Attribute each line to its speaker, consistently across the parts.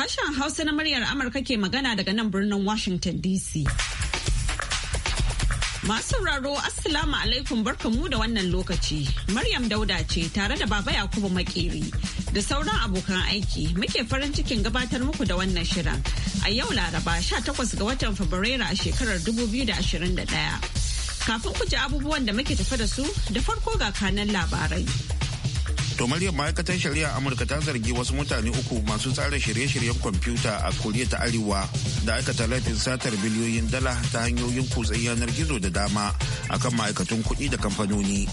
Speaker 1: Sashen Hausa na muryar Amurka ke magana daga nan birnin Washington DC. Masu sauraro Assalamu alaikum mu da wannan lokaci. Maryam Dauda ce tare da Baba Yakubu Makeri da sauran abokan aiki muke farin cikin gabatar muku da wannan shirin. A yau Laraba 18 ga watan Fabrairu a shekarar 2021. Kafin ku ji abubuwan da muke tafa da su da farko ga kanan labarai.
Speaker 2: To Maryam ma'aikatar shari'a Amurka ta zargi wasu mutane uku masu tsara shirye-shiryen kwamfuta a Koriya ta Arewa da aikata laifin satar biliyoyin dala ta hanyoyin kutsen yanar gizo da dama akan ma'aikatun kuɗi da kamfanoni.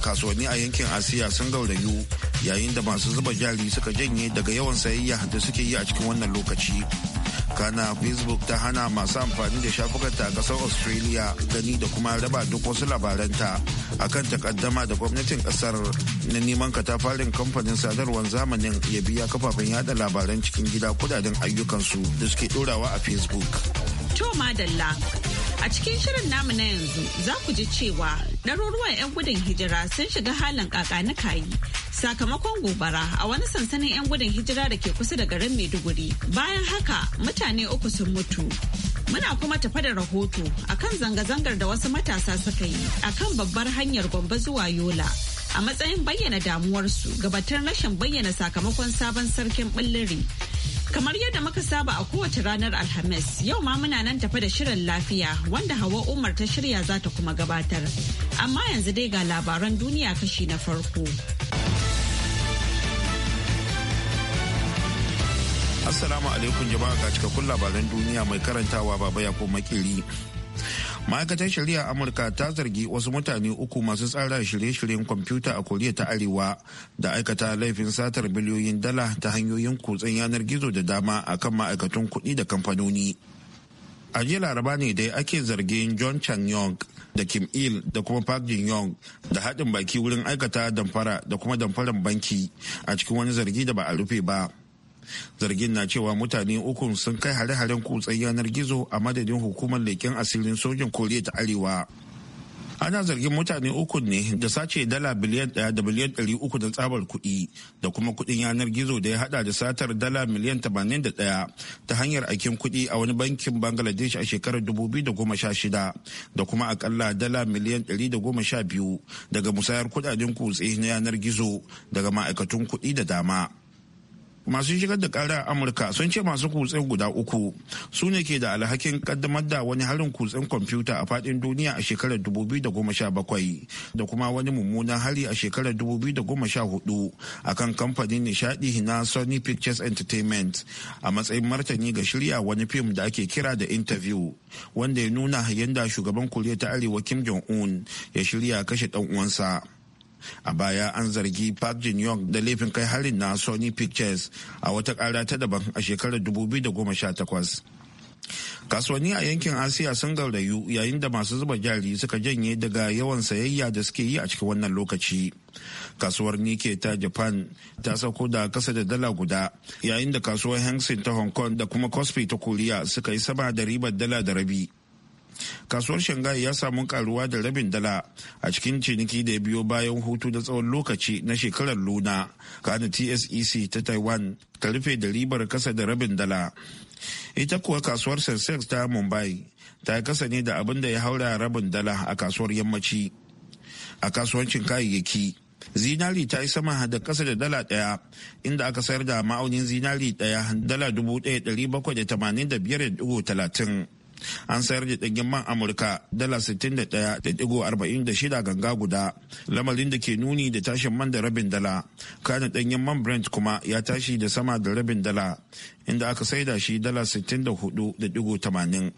Speaker 2: Kasuwanni a yankin Asiya sun gaurayu yayin da masu zuba jari suka janye daga yawan sayayya da suke yi a cikin wannan lokaci. kana facebook ta hana masu amfani da shafukanta a kasar australia gani da kuma raba duk wasu labaranta akan takaddama da gwamnatin kasar na neman katafarin kamfanin sadarwar zamanin ya biya kafafen yada labaran cikin gida kudaden ayyukansu da suke dorawa a facebook
Speaker 1: to madalla A cikin shirin namu na yanzu za ku ji cewa ɗaruruwan 'yan gudun hijira sun shiga halin kaka na kayi sakamakon gobara a wani sansanin 'yan gudun hijira da ke kusa da garin Maiduguri. Bayan haka mutane uku sun mutu. Muna kuma tafa da rahoto akan zanga-zangar da wasu matasa suka yi akan babbar hanyar Gombe zuwa Yola. a matsayin bayyana damuwarsu gabatar rashin bayyana sakamakon sabon sarkin ɓilliri. Kamar yadda muka saba a kowace ranar Alhamis, yau ma muna nan tafi da shirin lafiya wanda Hawa Umar ta shirya za ta kuma gabatar. Amma yanzu dai ga labaran duniya kashi na farko.
Speaker 2: Assalamu alaikum jama'a ga cikakkun labaran duniya mai karantawa baba ya ko makiri. ma'aikatar shari'a amurka ta zargi wasu mutane uku masu tsara shirye-shiryen kwamfuta a koriya ta arewa da aikata laifin satar miliyoyin dala ta hanyoyin kutsen yanar gizo da dama akan ma'aikatun kuɗi da kamfanoni a jiya laraba ne dai ake zargin john chang yong da kim il da kuma park jin yong da haɗin baki wurin aikata damfara da kuma damfaran banki a cikin wani zargi da ba a rufe ba zargin na cewa mutane ukun sun kai hare-haren kutsen yanar gizo a madadin hukumar leƙen asirin sojin koriya ta arewa ana zargin mutane ukun ne da sace dala biliyan daya da biliyan dari uku da tsabar kuɗi da kuma kuɗin yanar gizo da ya hada da satar dala miliyan tamanin da daya ta hanyar aikin kuɗi a wani bankin bangladesh a shekarar dubu biyu da goma sha shida da kuma akalla dala miliyan dari da goma sha biyu daga musayar kuɗaɗen kutse na yanar gizo daga ma'aikatun kuɗi da dama. masu shigar da kara a amurka sun ce masu kutsen guda uku su ne ke da alhakin kaddamar da wani harin kutsen kwamfuta a fadin duniya a shekarar 2017 da kuma wani mummunan hari a shekarar 2014 a kan kamfanin nishadi na sony pictures entertainment a matsayin martani ga shirya wani fim da ake kira da interview wanda ya nuna yadda shugaban koriya ta arewa kim jong-un ya shirya kashe dan uwansa. a baya an zargi park jin yong da laifin kai harin na sony pictures a wata kara ta daban a shekarar 2018 kasuwanni a yankin asiya sun gaurayu yayin da masu zuba jari suka janye daga yawan sayayya da suke yi a cikin wannan lokaci kasuwar nike ta japan ta sauko da kasa da dala guda yayin da kasuwar hengsin ta hong kong da kuma cosby ta koriya suka yi sama da ribar dala da rabi kasuwar shanghai ya samu karuwa da rabin dala a cikin ciniki da ya biyo bayan hutu na tsawon lokaci na shekarar luna kana tsec ta taiwan ta rufe da ribar kasa da rabin dala ita kuwa kasuwar sensex ta mumbai ta kasa ne da abin da ya haura rabin dala a kasuwar yammaci a kasuwancin kayayyaki zinari ta yi sama da kasa da dala daya inda aka sayar da ma'aunin zinari daya dala dubu daya dari bakwai da tamanin da biyar da dubu talatin an sayar da ɗanyen man amurka dala 61.46 ganga guda lamarin da ke nuni da tashin man da rabin dala kanin ɗanyen man brent kuma ya tashi da sama da rabin dala inda aka saida shi dala 64.80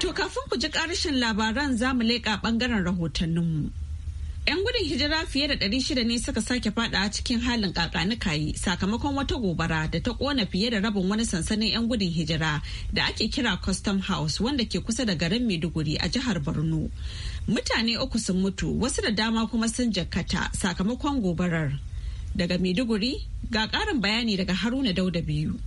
Speaker 1: To kafin ku ji ƙarshen labaran za mu leƙa ɓangaren rahotanninmu. 'Yan gudun hijira fiye da 600 ne suka sake fada cikin halin kayi sakamakon wata gobara da ta kona fiye da rabin wani sansanin 'yan gudun hijira da ake kira Custom House wanda ke kusa da garin Maiduguri a jihar Borno. Mutane uku sun mutu wasu da dama kuma sun jakata sakamakon gobarar. Daga Maiduguri ga karin bayani daga Haruna Dauda biyu.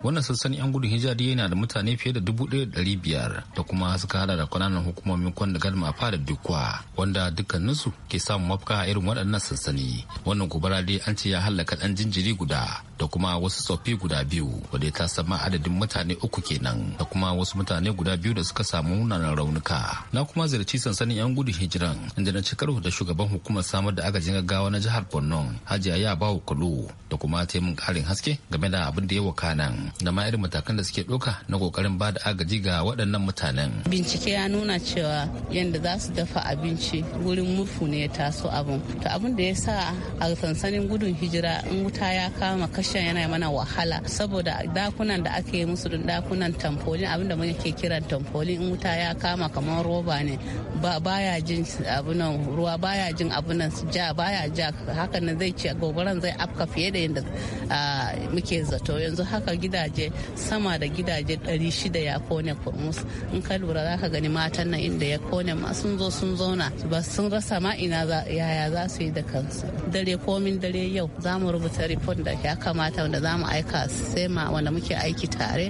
Speaker 3: wannan sassan 'yan gudun hijira yana da mutane fiye da dubu ɗaya da biyar da kuma suka hada da kwananan hukumomin kwan da a da dukwa wanda dukkaninsu ke samun mafaka a irin waɗannan sassani wannan gobara dai an ce ya hallaka ɗan jinjiri guda da kuma wasu tsoffi guda biyu ya ta ma adadin mutane uku kenan da kuma wasu mutane guda biyu da suka samu munanan raunuka na kuma ziyarci sansanin 'yan gudun hijiran inda na ci karo da shugaban hukumar samar da agajin gaggawa na jihar borno hajiya ya bawa kulu da kuma taimakon ƙarin haske game da abin da ya wakana da ma irin matakan da suke ɗauka na kokarin ba da agaji ga waɗannan mutanen.
Speaker 4: Bincike ya nuna cewa yadda za su dafa abinci wurin murfu ne ya taso abin. To abin da ya sa a sansanin gudun hijira in wuta ya kama kashen yana mana wahala saboda dakunan da ake musu don dakunan tamfolin abin da muke kiran tamfolin in wuta ya kama kamar roba ne ba baya jin abunan ruwa baya jin abunan su ja baya ja hakan zai ce gobaran zai afka fiye da yadda ah, muke zato yanzu haka gida gidaje sama da gidaje 600 ya kone kurmus in ka lura za ka gani matan nan inda ya kone ma sun zo sun zauna ba sun rasa ma ina yaya za su yi da kansu dare komin dare yau za mu rubuta report da ya kamata wanda za mu aika sai ma wanda muke aiki tare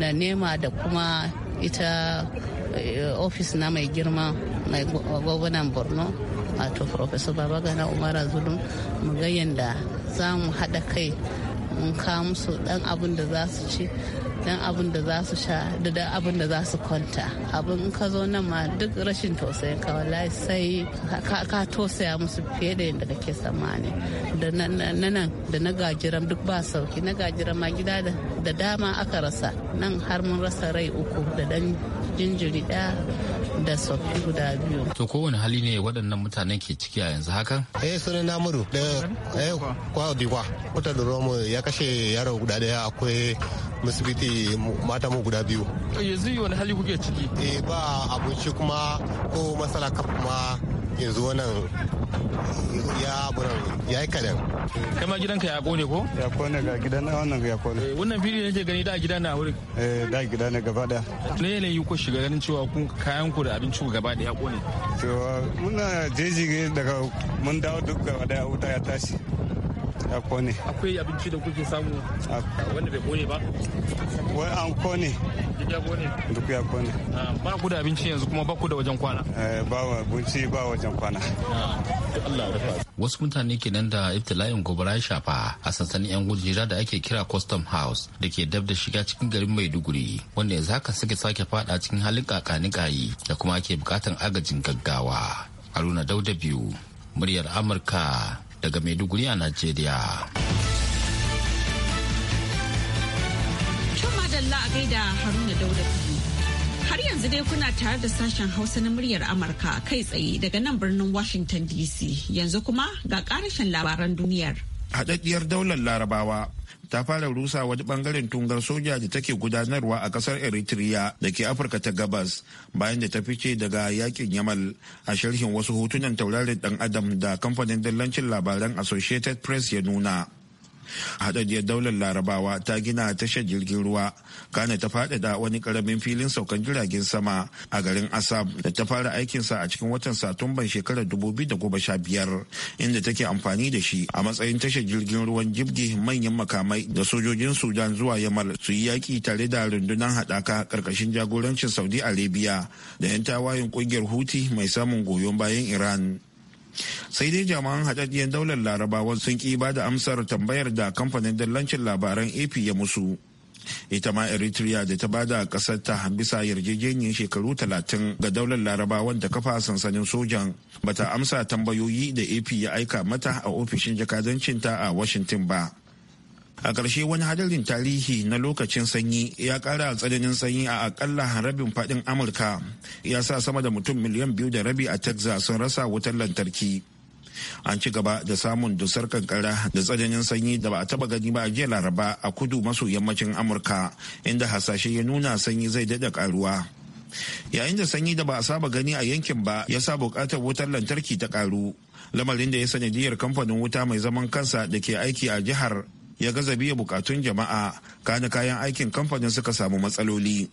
Speaker 4: da nema da kuma ita eh, ofis na mai girma mai gwagwanan borno wato professor babagana umara zulum mu ga yadda za mu haɗa kai in ka musu dan abin da za su ci dan abin da za su sha da dan abin da za su kwanta abin in ka zo nan ma duk rashin tausayin ka wallahi sai ka tausaya musu fiye da yadda kake tsammani da nan da na gajiran duk ba sauki na gajiran ma gida da dama aka rasa nan har mun rasa rai uku da dan jinjiri daya da sotu guda biyu.
Speaker 3: To kowane hali ne waɗannan mutanen ke ciki a yanzu hakan? Eh sunan namuru da eh, eh kwa diwa wata da romo ya kashe yaro guda daya akwai musibiti mata mu guda biyu. Yanzu wani hali kuke ciki? Eh ba abinci kuma ko masala kuma yanzu wannan ya abunan ya yi kadan. kama gidanka ya kone ko? ya kone ga gidan na wannan ya kone. Eh, wannan fili ke gani da
Speaker 5: gida na wuri? eh da gida na gaba da.
Speaker 3: ne ne yi ko shiga ganin cewa kun kayan ku da abinci ku gaba da ya kone. cewa muna jeji daga mun dawo duk gaba da wuta ya tashi. ya kone akwai abinci da kuke samu wanda bai kone ba wai an kone duk ya kone ah, ba ku da abinci yanzu kuma ba ku da wajen
Speaker 5: kwana eh, ba abinci ba wajen kwana
Speaker 3: wasu mutane kenan da ibtila'in gobara ya shafa a sansanin yan gujera da ake kira custom house da ke dab da shiga cikin garin maiduguri wanda yanzu haka suke sake fada cikin halin kakani kayi da kuma ake bukatan agajin gaggawa haruna dauda biyu muryar amurka daga Maiduguri a Najeriya.
Speaker 1: Madalla a gaida Haruna Dauda Har yanzu dai kuna tare da sashen Hausa na muryar Amurka kai tsaye daga nan birnin Washington DC yanzu kuma ga karashen labaran
Speaker 2: duniyar. haɗaɗɗiyar daular larabawa ta fara rusa wani bangaren tungar soja da take gudanarwa a kasar eritrea da ke afirka ta gabas bayan da ta fice daga yakin yamal a sharhin wasu hotunan taurarin dan adam da kamfanin dallancin labaran associated press ya nuna haɗaɗɗiyar daular larabawa ta gina tashar jirgin ruwa kana ta faɗaɗa wani ƙaramin filin saukan jiragen sama a garin asab da ta fara aikinsa a cikin watan satumban shekarar biyar inda take amfani da shi a matsayin tashar jirgin ruwan jibge manyan makamai da sojojin sudan zuwa yamal su yi yaƙi tare da rundunar haɗaka ƙarƙashin jagorancin saudi arabia da 'yan tawayen ƙungiyar huti mai samun goyon bayan iran sai dai jami'an hajjajiyar daular larabawa sun ki ba da amsar tambayar da kamfanin dallancin labaran ap ya musu ita ma eritrea da ta bada kasar ta bisa yarjejeniyar shekaru talatin ga daular larabawan da kafa sansanin sojan bata amsa tambayoyi da ap ya aika mata a ofishin jakadancinta a washington ba a ƙarshe wani hadarin tarihi na lokacin sanyi ya ƙara tsananin sanyi a akalla rabin faɗin amurka ya sa sama da mutum miliyan biyu da rabi a texas sun rasa wutar lantarki an ci gaba da samun dusar kankara da tsananin sanyi da ba a taba gani ba a jiya laraba a kudu maso yammacin amurka inda hasashe ya nuna sanyi zai daɗa ƙaruwa yayin da sanyi da ba a saba gani a yankin ba ya sa buƙatar wutar lantarki ta ƙaru lamarin da ya sanadiyar kamfanin wuta mai zaman kansa da ke aiki a jihar ya gaza biya bukatun jama'a kana kayan aikin kamfanin suka samu matsaloli.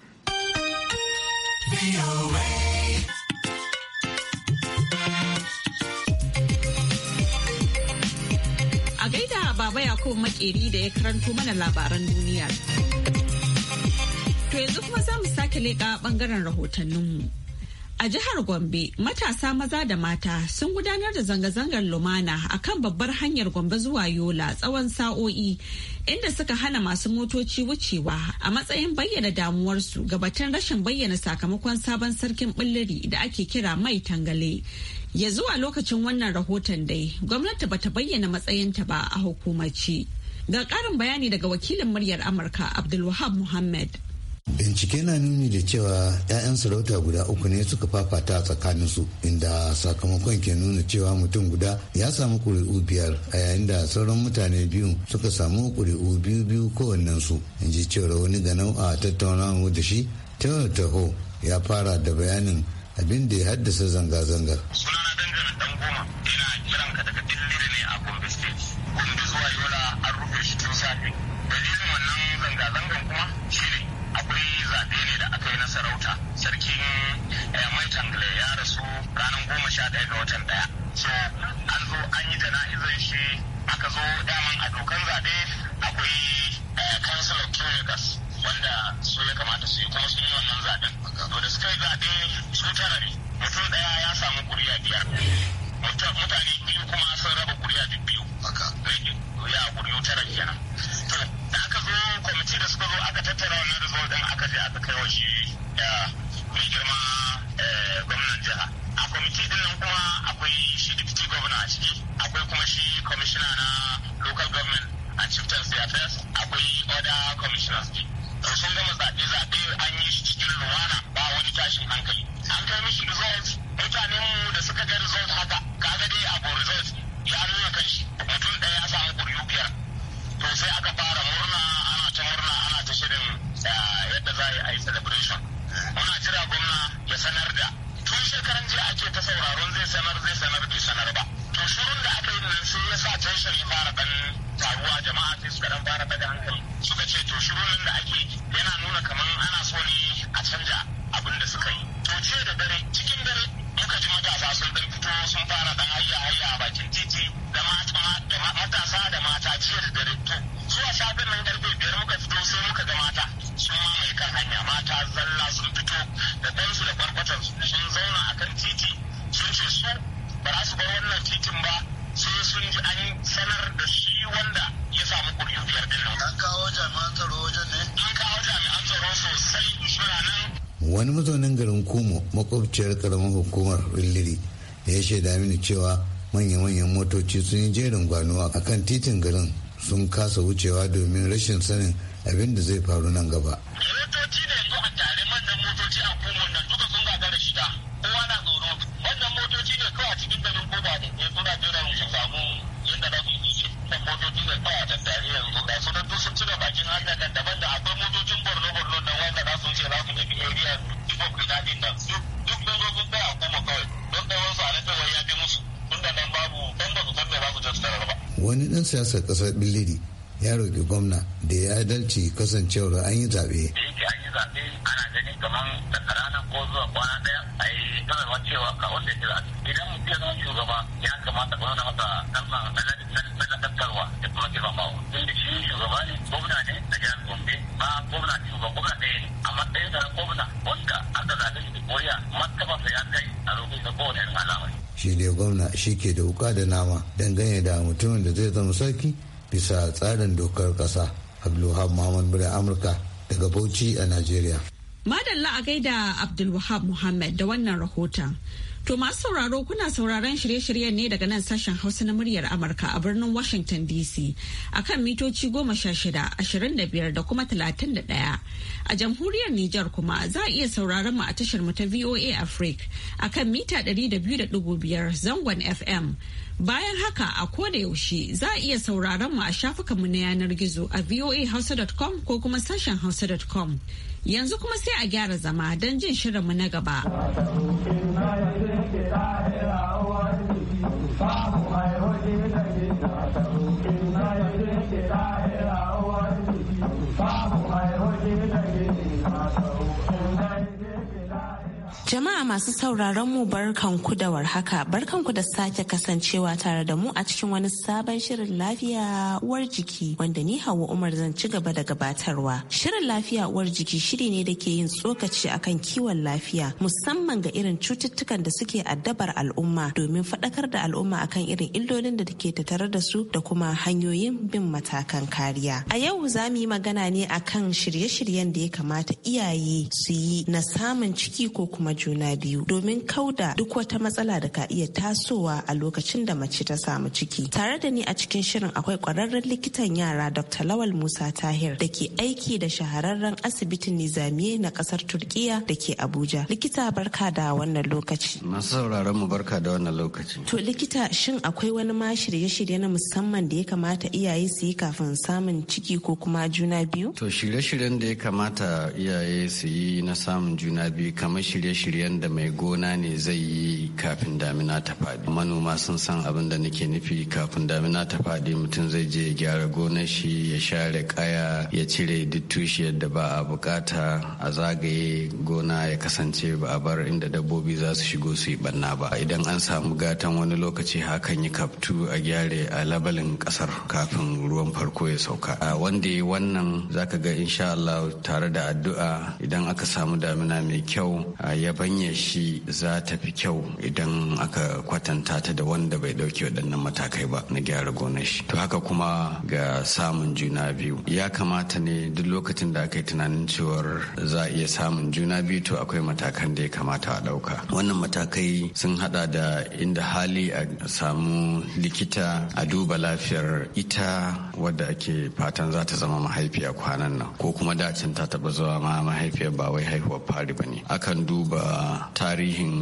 Speaker 1: A gaida Baba yakub Makeri da ya karanto mana labaran duniya. To yanzu kuma za mu sake leƙa ɓangaren rahotanninmu. A jihar Gombe, matasa maza da mata sun gudanar da zanga-zangar lumana a kan babbar hanyar Gombe zuwa Yola tsawon sa'o'i inda suka hana masu motoci wucewa a matsayin bayyana damuwarsu ga batun rashin bayyana sakamakon sabon sarkin billiri da ake kira mai tangale. Ya zuwa lokacin wannan rahoton dai, gwamnati bata bayyana matsayinta ba a hukumaci. Ga ƙarin bayani daga wakilin muryar Amurka Abdulwahab Muhammad.
Speaker 6: bincike na nuni da cewa 'ya'yan sarauta guda uku ne suka fafata tsakanin su inda sakamakon ke nuna cewa mutum guda ya samu kuri'u biyar a yayin da sauran mutane biyu suka samu kuri'u biyu biyu kowannen su in ji cewa wani ganau a tattaunawa da shi taylor taho ya fara da bayanin abin da ya haddasa zanga-zangar
Speaker 7: zuwa yola rufe shi tun safe dalilin wannan zanga-zangan kuma shi ne zaɓe ne da aka yi na sarauta sarkin eh, mai tangle ya rasu ranar goma sha ɗaya ga watan ɗaya so an zo an yi jana'izar shi aka zo daman a dokan zaɓe akwai kansilan eh, gas.
Speaker 6: makwabciyar karamin hukumar billiri da ya shaida mini cewa manya-manyan motoci sun yi jerin gwanuwa a kan titin garin sun kasa wucewa domin rashin sanin abin da zai faru nan gaba wani dan siyasar ƙasar billiri ya roki gwamna da ya adalci kasancewar an yi zaɓe. an yi zaɓe
Speaker 7: ana gani kamar daga ranar ko zuwa kwana daya a yi sanarwa cewa ka wanda ya zaɓe idan mutum ya zama shugaba ya kamata gwamna masa
Speaker 6: sai gwamna shi ke da wuka da nama dangane da mutumin da zai zama sarki bisa tsarin dokar ƙasa abdulhab muhammad murya amurka daga bauchi a nigeria.
Speaker 1: Madalla a gaida Abdulwahab Muhammad da wannan rahoton. To masu sauraro kuna sauraron shirye-shiryen ne daga nan sashen Hausa na muryar Amurka a birnin Washington DC A kan mitoci goma sha shida, ashirin da biyar da kuma talatin da ɗaya. A jamhuriyar Nijar kuma za a iya sauraron mu a tashar mu ta VOA Africa a kan mita ɗari da biyu da ɗigo biyar zangon FM. Bayan haka a ko da yaushe za a iya sauraron mu a shafukanmu na yanar gizo a voahausa.com ko kuma sashen hausa.com. Yanzu kuma sai a gyara zama don jin shirinmu na gaba.
Speaker 8: Jama'a masu sauraron mu barkanku da warhaka barkanku da sake kasancewa tare da mu a cikin wani sabon shirin lafiya uwar jiki wanda ni Hauwa Umar zan ci gaba da gabatarwa. Shirin lafiya uwar jiki shiri ne da ke yin tsokaci akan kiwon lafiya musamman ga irin cututtukan da suke addabar al'umma domin faɗakar da al'umma akan irin illolin da ke tattare da su da kuma hanyoyin bin matakan kariya. A yau za mu yi magana ne akan shirye-shiryen da ya kamata iyaye su yi na samun ciki ko kuma juna biyu domin kauda duk wata matsala da ka iya tasowa a lokacin da mace ta samu ciki. Tare da ni a cikin shirin akwai kwararren likitan yara Dr. Lawal Musa Tahir da ke aiki da shahararren asibitin Nizamiye na kasar Turkiya da ke Abuja. Likita barka da wannan lokaci.
Speaker 5: Masu sauraron mu barka da wannan lokaci.
Speaker 8: To likita shin akwai wani ma shirye-shirye na musamman da ya kamata iyaye su yi kafin samun ciki ko kuma juna biyu?
Speaker 5: To shirye-shiryen da ya kamata iyaye su yi na samun juna biyu kamar shirye shirye-shiryen da mai gona ne zai yi kafin damina ta faɗi manoma sun san abin da nake nufi kafin damina ta faɗi mutum zai je ya gyara gonar shi ya share kaya ya cire duk tushiyar da ba a bukata a zagaye gona ya kasance ba a bar inda dabbobi za su shigo su yi banna ba idan an samu gatan wani lokaci hakan yi kaftu a gyare a labalin kasar kafin ruwan farko ya sauka a wanda yi wannan zaka ga insha Allah tare da addu'a idan aka samu damina mai kyau ya yabanya shi za ta fi kyau idan aka kwatanta ta da wanda bai ɗauki waɗannan matakai ba na gyara gona shi to haka kuma ga samun juna biyu ya kamata ne duk lokacin da aka yi tunanin cewar za a iya samun juna biyu to akwai matakan da ya kamata a ɗauka wannan matakai sun hada da inda hali a samu likita a duba lafiyar ita wadda ake fatan za ta zama mahaifiya kwanan nan ko kuma dacin ta taba zuwa ma mahaifiyar ba wai haihuwar fari ba ne akan duba tarihin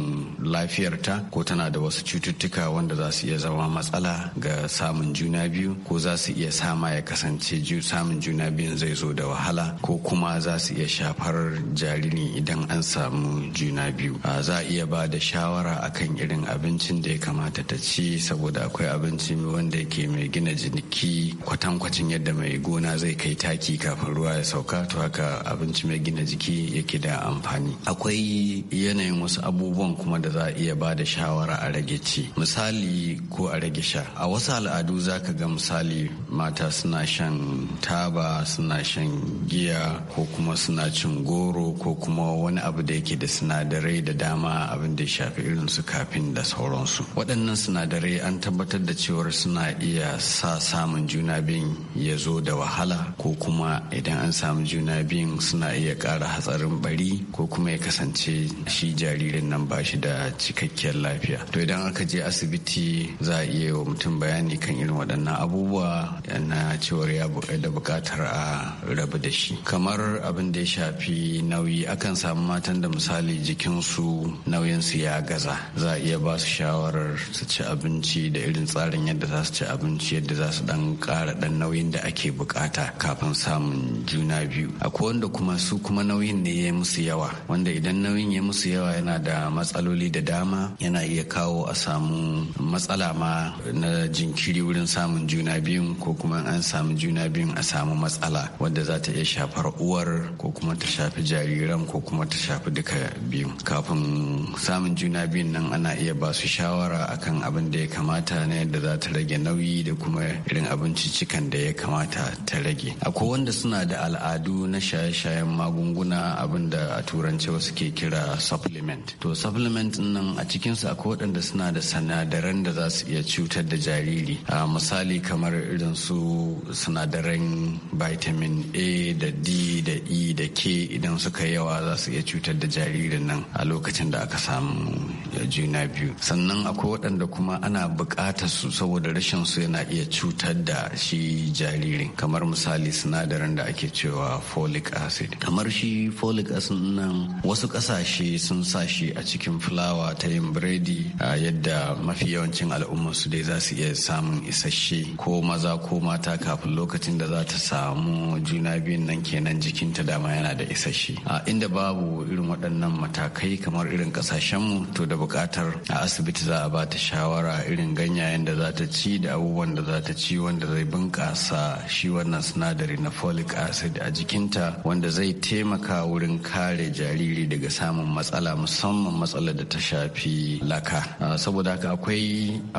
Speaker 5: lafiyarta ko tana da wasu cututtuka wanda za su iya zama matsala ga samun juna biyu ko za su iya sama ya kasance samun juna biyun zai zo da wahala ko kuma za su iya shafar jariri idan an samu juna biyu za a iya ba da shawara akan irin abincin da ya kamata ta ci saboda akwai abinci wanda yake mai gina jiki kwatankwacin yadda mai gona zai kai taki kafin ruwa ya sauka to haka abinci mai gina jiki yake da amfani akwai yanayin wasu abubuwan kuma da za a iya ba da shawara a rage ci misali ko a rage sha a wasu al'adu za ka ga misali mata suna shan taba suna shan giya ko kuma suna cin goro ko kuma wani abu da yake da sinadarai da dama abin da ya shafi irin su kafin da sauransu waɗannan sinadarai an tabbatar da cewar suna iya sa samun juna biyun ya zo da wahala ko kuma idan an samu juna biyun suna iya ƙara hatsarin bari ko kuma ya kasance shi jaririn nan ba shi da cikakkiyar lafiya to idan aka je asibiti za a iya wa mutum bayani kan irin waɗannan abubuwa na cewar ya da buƙatar a rabu da shi kamar abin da ya shafi nauyi akan samu matan da misali jikinsu nauyinsu ya gaza za a iya ba su shawarar su ci abinci da irin tsarin yadda za su ci abinci yadda za su dan ƙara dan nauyin da ake bukata kafin samun juna biyu akwai wanda kuma su kuma nauyin ne ya musu yawa wanda idan nauyin ya musu su yawa yana da matsaloli da dama yana iya kawo a samu matsala ma na jinkiri wurin samun juna biyun ko kuma an samu juna biyun a samu matsala Wanda za ta iya shafar uwar ko kuma ta shafi jariran ko kuma ta shafi duka biyu kafin samun juna biyun nan ana iya ba su shawara akan abin da ya kamata na yadda za ta rage nauyi da kuma irin abincicikan da ya kamata ta rage akwai wanda suna da al'adu na shaye-shayen magunguna abin da a turanci wasu ke kira supplement to supplement nan a cikinsu akwai waɗanda suna da sinadaran da za su iya cutar da jariri a misali kamar irin su sinadaran vitamin a da d da e da k idan suka yawa za su iya cutar da jaririn nan a lokacin da aka samu juna biyu sannan akwai waɗanda kuma ana buƙatar su saboda rashin su yana iya cutar da shi jaririn kamar misali sinadarin da ake cewa folic acid kamar shi folic acid nan wasu ƙasashe ce sun sa shi a cikin fulawa ta yin biredi a yadda mafi yawancin su dai za su iya samun isasshe ko maza ko mata kafin lokacin da za ta samu juna biyun nan kenan jikinta dama yana da isasshe a inda babu irin waɗannan matakai kamar irin ƙasashenmu to da buƙatar a asibiti za a ba ta shawara irin ganyayen da za ta ci da abubuwan da za ta ci wanda zai bunƙasa shi wannan sinadari na folic acid a jikinta wanda zai taimaka wurin kare jariri daga samun matsala musamman matsalar da ta shafi laka ah, saboda haka akwai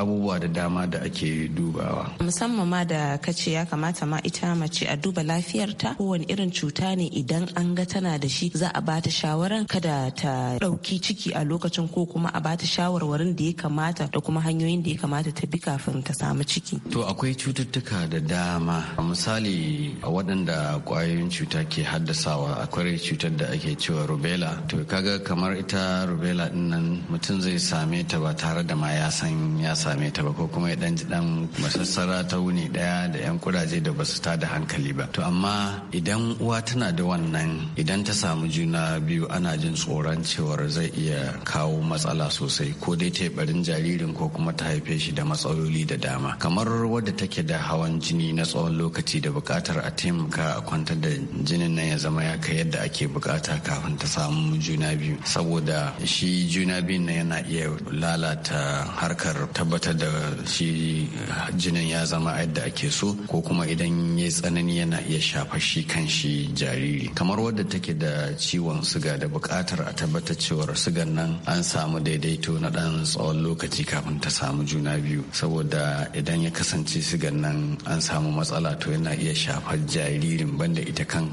Speaker 5: abubuwa da dama da ake dubawa
Speaker 8: musamman ma da kace ya kamata ma ita mace a duba lafiyarta kowane irin cuta ne idan an ga tana da shi za a bata shawaran kada ta ɗauki ciki a lokacin ko kuma a bata shawarwarin da ya kamata da kuma hanyoyin da ya kamata ta bi kafin ta samu ciki
Speaker 5: to akwai cututtuka da dama misali a waɗanda kwayoyin cuta ke haddasawa akwai cutar da ake cewa rubella to kaga kamar ita rubella din mutum zai same ta ba tare da ma ya san ya same ta ba ko kuma ya dan ji dan masassara ta wuni daya da yan kuraje da basu ta da hankali ba to amma idan uwa tana da wannan idan ta samu juna biyu ana jin tsoron cewar zai iya kawo matsala sosai ko dai ta barin jaririn ko kuma ta haife shi da matsaloli da dama kamar wadda take da hawan jini na tsawon lokaci da bukatar a taimaka a kwantar da jinin nan ya zama ya kai yadda ake bukata kafin ta samu juna biyu saboda shi juna biyun na yana iya lalata harkar tabbatar da shi jinin ya zama yadda ake so ko kuma idan ya tsanani yana iya shafa shi kan shi jariri kamar wadda take da ciwon suga da bukatar a tabbatar cewar sugan nan an samu daidaito na ɗan tsawon lokaci kafin ta samu juna biyu saboda idan ya kasance sugan nan an samu matsala to yana iya shafar jaririn banda ita kan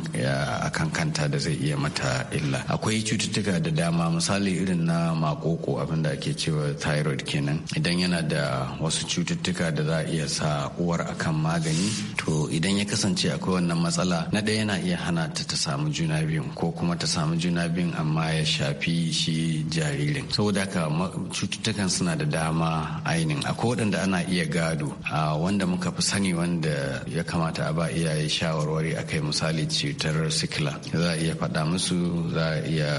Speaker 5: akan kanta da zai iya mata illa akwai cututtuka da dama misali irin na makoko abinda ake cewa thyroid kenan idan yana da wasu cututtuka da za a iya sa uwar akan magani to idan ya kasance akwai wannan matsala na ɗaya yana iya hana ta ta samu juna biyun ko kuma ta samu juna biyun amma ya shafi shi jaririn saboda haka cututtukan suna da dama ainin akwai waɗanda ana iya gado a wanda muka fi sani wanda ya kamata a ba iyaye shawarwari akai misali cutar sikila za a iya faɗa musu za a iya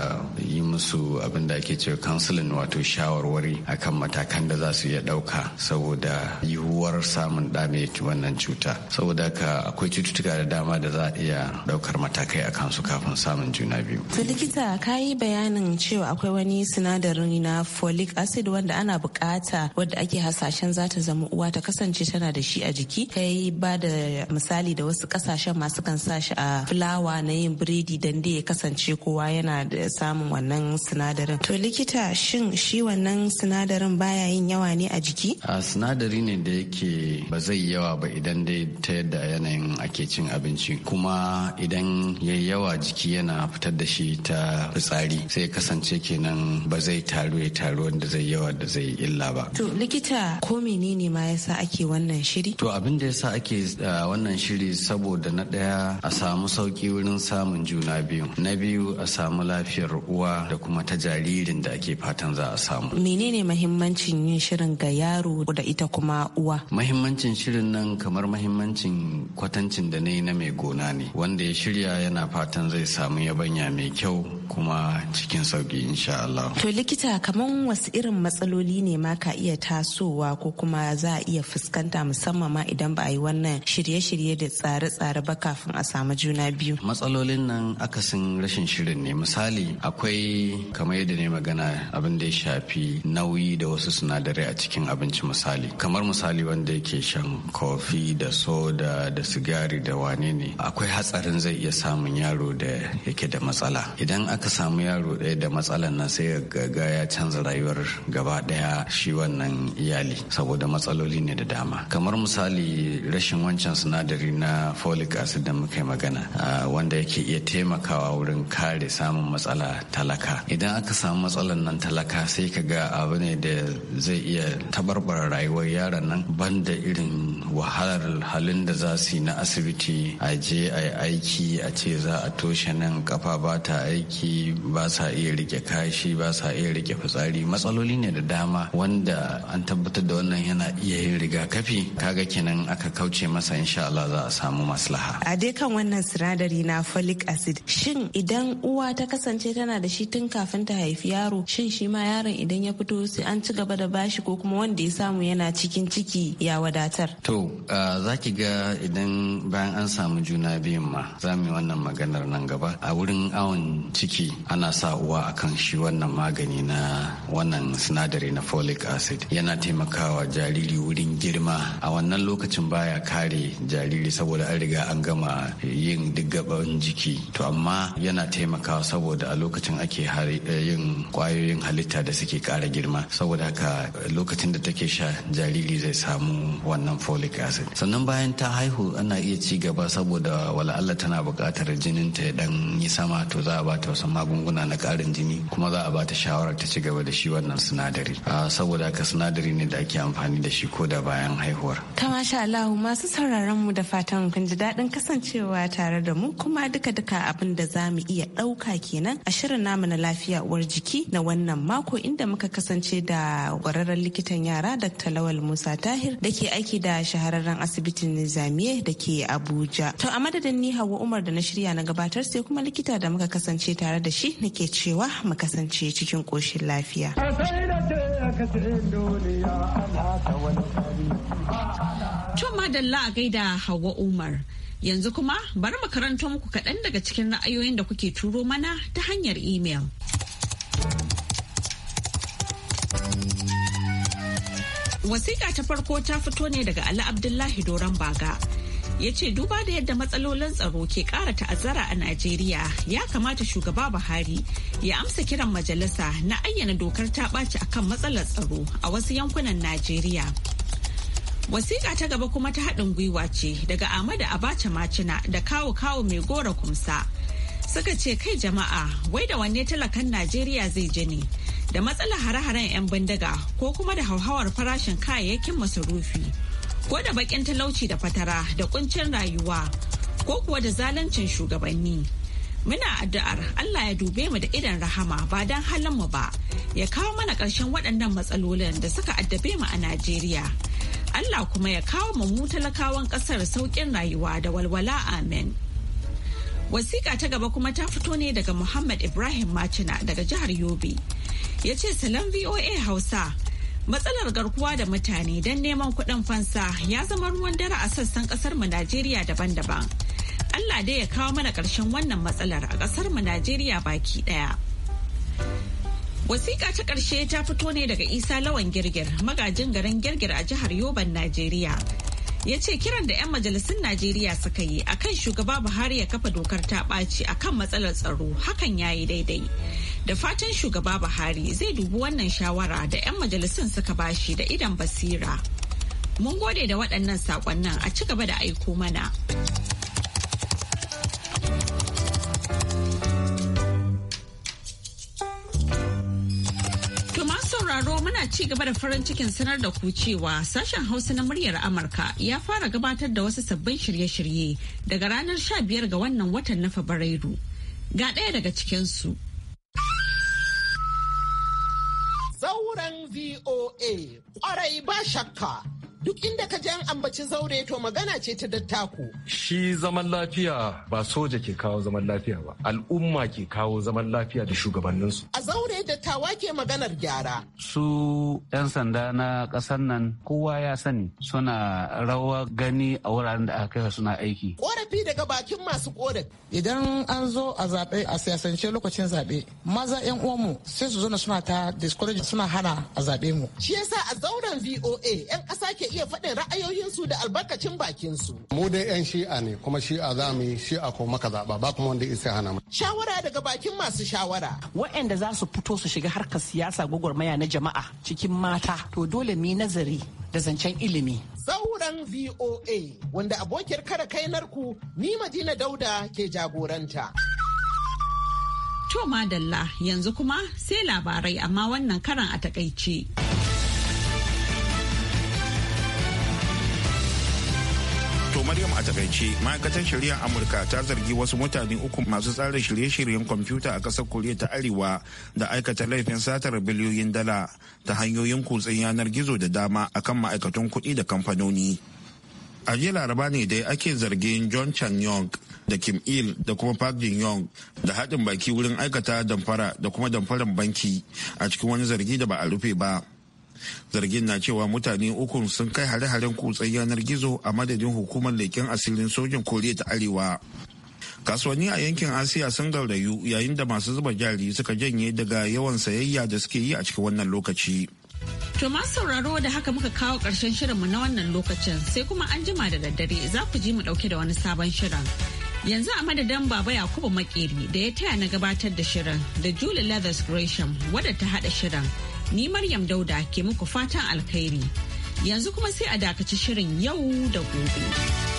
Speaker 5: yi musu abin da ake cewa counseling wato shawarwari akan matakan da za su iya ɗauka saboda yiwuwar samun ɗame wannan cuta saboda ka akwai cututtuka da dama da za a iya ɗaukar matakai a kansu kafin samun juna biyu. to
Speaker 8: likita ka yi bayanin cewa akwai wani sinadarin na folic acid wanda ana bukata wadda ake hasashen za ta zama uwa ta kasance tana da shi a jiki ka yi ba da misali da wasu kasashen masu kan sa shi a fulawa na yin biredi dan da ya kasance kowa yana da samun wannan wannan sinadarin to likita shin shi wannan sinadarin baya yin yawa ne a jiki
Speaker 5: a sinadari ne da yake ba zai yawa ba idan dai ta yadda yanayin ake cin abinci kuma idan ya yawa jiki yana fitar da shi ta fitsari sai kasance kenan ba zai taru ya taru wanda zai yawa da zai illa ba to
Speaker 8: likita ko menene ma yasa ake wannan shiri
Speaker 5: to abin da yasa ake wannan shiri saboda na daya a samu sauki wurin samun juna biyu na biyu a samu lafiyar uwa da kuma ta jaririn da ake fatan za a samu
Speaker 8: menene mahimmancin yin shirin ga yaro da ita kuma uwa
Speaker 5: mahimmancin shirin nan kamar mahimmancin kwatancin da na yi na mai gona ne wanda ya shirya yana fatan zai samu yabanya mai kyau kuma cikin sauki insha Allah to
Speaker 8: likita kamar wasu irin matsaloli ne ma ka iya tasowa ko kuma za a iya fuskanta musamman ma idan ba a yi wannan shirye-shirye da tsare-tsare ba kafin a samu juna biyu
Speaker 5: matsalolin nan akasin rashin shirin ne misali akwai kamar yadda ne magana abin da ya shafi nauyi da wasu sinadarai a cikin abinci misali kamar misali wanda yake shan kofi da soda da sigari da wane ne akwai hatsarin zai iya samun yaro da yake da matsala idan aka samu yaro ɗaya da matsalan nan sai ga ya canza rayuwar gaba ɗaya shi wannan iyali saboda matsaloli ne da dama kamar misali rashin wancan sinadari na folic acid da muka yi magana ah, wanda yake iya taimakawa wurin kare samun matsala ta talaka idan aka samu matsalar nan talaka sai ka ga abu ne da zai iya tabarbara rayuwar yaran nan ban da irin wahalar halin da za su yi na asibiti a je a yi aiki a ce za a toshe nan kafa ba ta aiki ba sa iya rike kashi ba sa iya rike fitsari matsaloli ne da dama wanda an tabbatar da wannan yana iya yin rigakafi kaga kenan aka kauce masa insha Allah za a samu maslaha
Speaker 8: a dai kan wannan sinadari na folic acid shin idan uwa ta kasance tana da shi shi tun kafin ta haifi yaro shin shi ma yaron idan ya fito sai an ci gaba da bashi ko kuma wanda ya samu yana cikin ciki ya wadatar.
Speaker 5: To za ki ga idan bayan an samu juna biyun ma za mu yi wannan maganar nan gaba a wurin awon ciki ana sa uwa akan shi wannan magani na wannan sinadari na folic acid yana taimakawa jariri wurin girma a wannan lokacin baya kare jariri saboda an riga an gama yin duk gaban jiki to amma yana taimakawa saboda a lokacin ake ke eh, yin kwayoyin halitta da suke kara girma saboda haka lokacin da take sha jariri zai samu wannan folic acid sannan bayan ta haihu ana iya ci gaba saboda wala Allah tana buƙatar jinin ta ya dan yi sama to za a ba ta wasu magunguna na karin jini kuma za a ba ta shawarar ta ci gaba da shi wannan sinadari ah, saboda haka sinadari ne da ake amfani da shi ko da bayan haihuwar
Speaker 8: ta masha Allah masu sauraron mu da fatan kun ji daɗin kasancewa tare da mu kuma duka-duka abin da za mu iya ɗauka kenan a shirin namu namu na lafiya uwar jiki na wannan mako inda muka kasance da kwararren likitan yara Dr. Lawal Musa Tahir da ke aiki da shahararren asibitin Nizamiye da ke Abuja. To a madadin ni Hauwa Umar da na shirya na gabatar sai kuma likita da muka kasance tare da shi nake cewa mu kasance cikin koshin lafiya.
Speaker 1: Tun madalla a gaida Hauwa Umar. Yanzu kuma bari mu karanta muku kaɗan daga cikin ra'ayoyin da kuke turo mana ta hanyar imel. Wasiƙa ta farko ta fito ne daga Ali Abdullahi Doron Baga. ya ce duba da yadda matsalolin tsaro ke ƙara ta'azzara a najeriya ya kamata shugaba buhari ya amsa kiran majalisa na ayyana dokar ta ɓaci akan matsalar tsaro a wasu yankunan najeriya Wasiƙa ta gaba kuma ta haɗin gwiwa ce daga a Abacha Macina da kawo kawo mai gora kumsa. Suka ce kai jama'a wai da wanne talakan Najeriya zai ji ne da matsalar hare-haren 'yan bindiga ko kuma da hauhawar farashin kayayyakin masarufi ko da bakin talauci da fatara da kuncin rayuwa ko kuwa da zaluncin shugabanni. Muna addu'ar Allah ya dube mu da idan rahama ba don halin mu ba ya kawo mana ƙarshen waɗannan matsalolin da suka addabe mu a Najeriya. Allah kuma ya kawo mu talakawan ƙasar sauƙin rayuwa da walwala amen. Wasiƙa ta gaba kuma ta fito ne daga Muhammad Ibrahim Macina daga jihar Yobe. Ya ce salon VOA Hausa matsalar garkuwa da mutane don neman kuɗin fansa ya zama ruwan dare a sassan ƙasar mu Najeriya daban-daban. Allah dai ya kawo mana ƙarshen wannan matsalar a ƙasar mu Najeriya baki ɗaya. Wasiƙa ta ƙarshe ta fito ne daga Isa Lawan Girgir, magajin garin Girgir a jihar Yoban, Najeriya. Ya ce kiran da 'yan majalisun Najeriya suka yi akan shugaba Buhari ya kafa dokar ta ɓaci akan matsalar tsaro hakan ya yi daidai. Da fatan shugaba Buhari zai dubi wannan shawara da 'yan majalisun suka bashi da idan basira. Mun gode da waɗannan saƙonnan a ci gaba da aiko mana. a ci gaba da farin cikin sanar da ku cewa sashen Hausa na muryar Amurka ya fara gabatar da wasu sabbin shirye-shirye daga ranar 15 ga wannan watan na Fabrairu. Ga ɗaya daga
Speaker 7: cikinsu. Zauren VOA, ƙwarai ba shakka. duk inda ka je an ambaci zaure to magana ce ta dattako.
Speaker 3: Shi zaman lafiya ba soja ke kawo zaman lafiya ba, al'umma ke kawo zaman lafiya da shugabanninsu.
Speaker 7: A zaure dattawa ke maganar gyara.
Speaker 3: Su 'yan sanda na ƙasar nan kowa ya sani suna rawa gani a wuraren da aka kai suna aiki.
Speaker 7: zafi daga bakin masu korafi. Idan an zo a zaɓe a siyasance lokacin zaɓe maza 'yan uwanmu sai su zuna suna ta discourage suna hana a zaɓe mu. Shi yasa a zauren VOA 'yan ƙasa ke iya faɗin ra'ayoyinsu da albarkacin bakinsu.
Speaker 3: Mu dai 'yan shi'a ne kuma shi'a za mu yi shi'a ko maka zaɓa ba kuma wanda isa hana mu.
Speaker 7: Shawara daga bakin masu shawara. Waɗanda za su fito su shiga harkar siyasa gwagwarmaya na jama'a cikin mata to dole mu yi nazari da zancen ilimi zauren VOA wanda abokiyar kare kainarku ni Madina Dauda ke jagoranta.
Speaker 1: To madalla yanzu kuma sai labarai amma wannan karan a takaice.
Speaker 2: Maryam a takaice ma'aikatan shari'a Amurka ta zargi wasu mutane uku masu tsara shirye-shiryen kwamfuta a ƙasar Koriya ta Arewa da aikata laifin satar biliyoyin dala ta hanyoyin kutsen yanar gizo da dama akan ma'aikatan kuɗi da kamfanoni. A jiya laraba ne dai ake zargin John Chan Yong da Kim Il da kuma Park Jin Yong da haɗin baki wurin aikata damfara da kuma damfarar banki a cikin wani zargi da ba a rufe ba. zargin na cewa mutane uku sun kai hare-haren kutsen yanar gizo a madadin hukumar leken asirin sojin koriya ta arewa kasuwanni a yankin asiya sun gaurayu yayin da masu zuba jari suka janye daga yawan sayayya da suke yi a cikin wannan lokaci
Speaker 1: To masu sauraro da haka muka kawo ƙarshen shirinmu na wannan lokacin sai kuma an jima da daddare za ku ji mu ɗauke da wani sabon shirin. Yanzu a madadin Baba Yakubu Makeri da ya taya na gabatar da shirin da Julie Leathers Gresham wadda ta haɗa shirin. Ni Maryam Dauda ke muku fatan alkhairi. Yanzu kuma sai a dakaci shirin yau da gobe.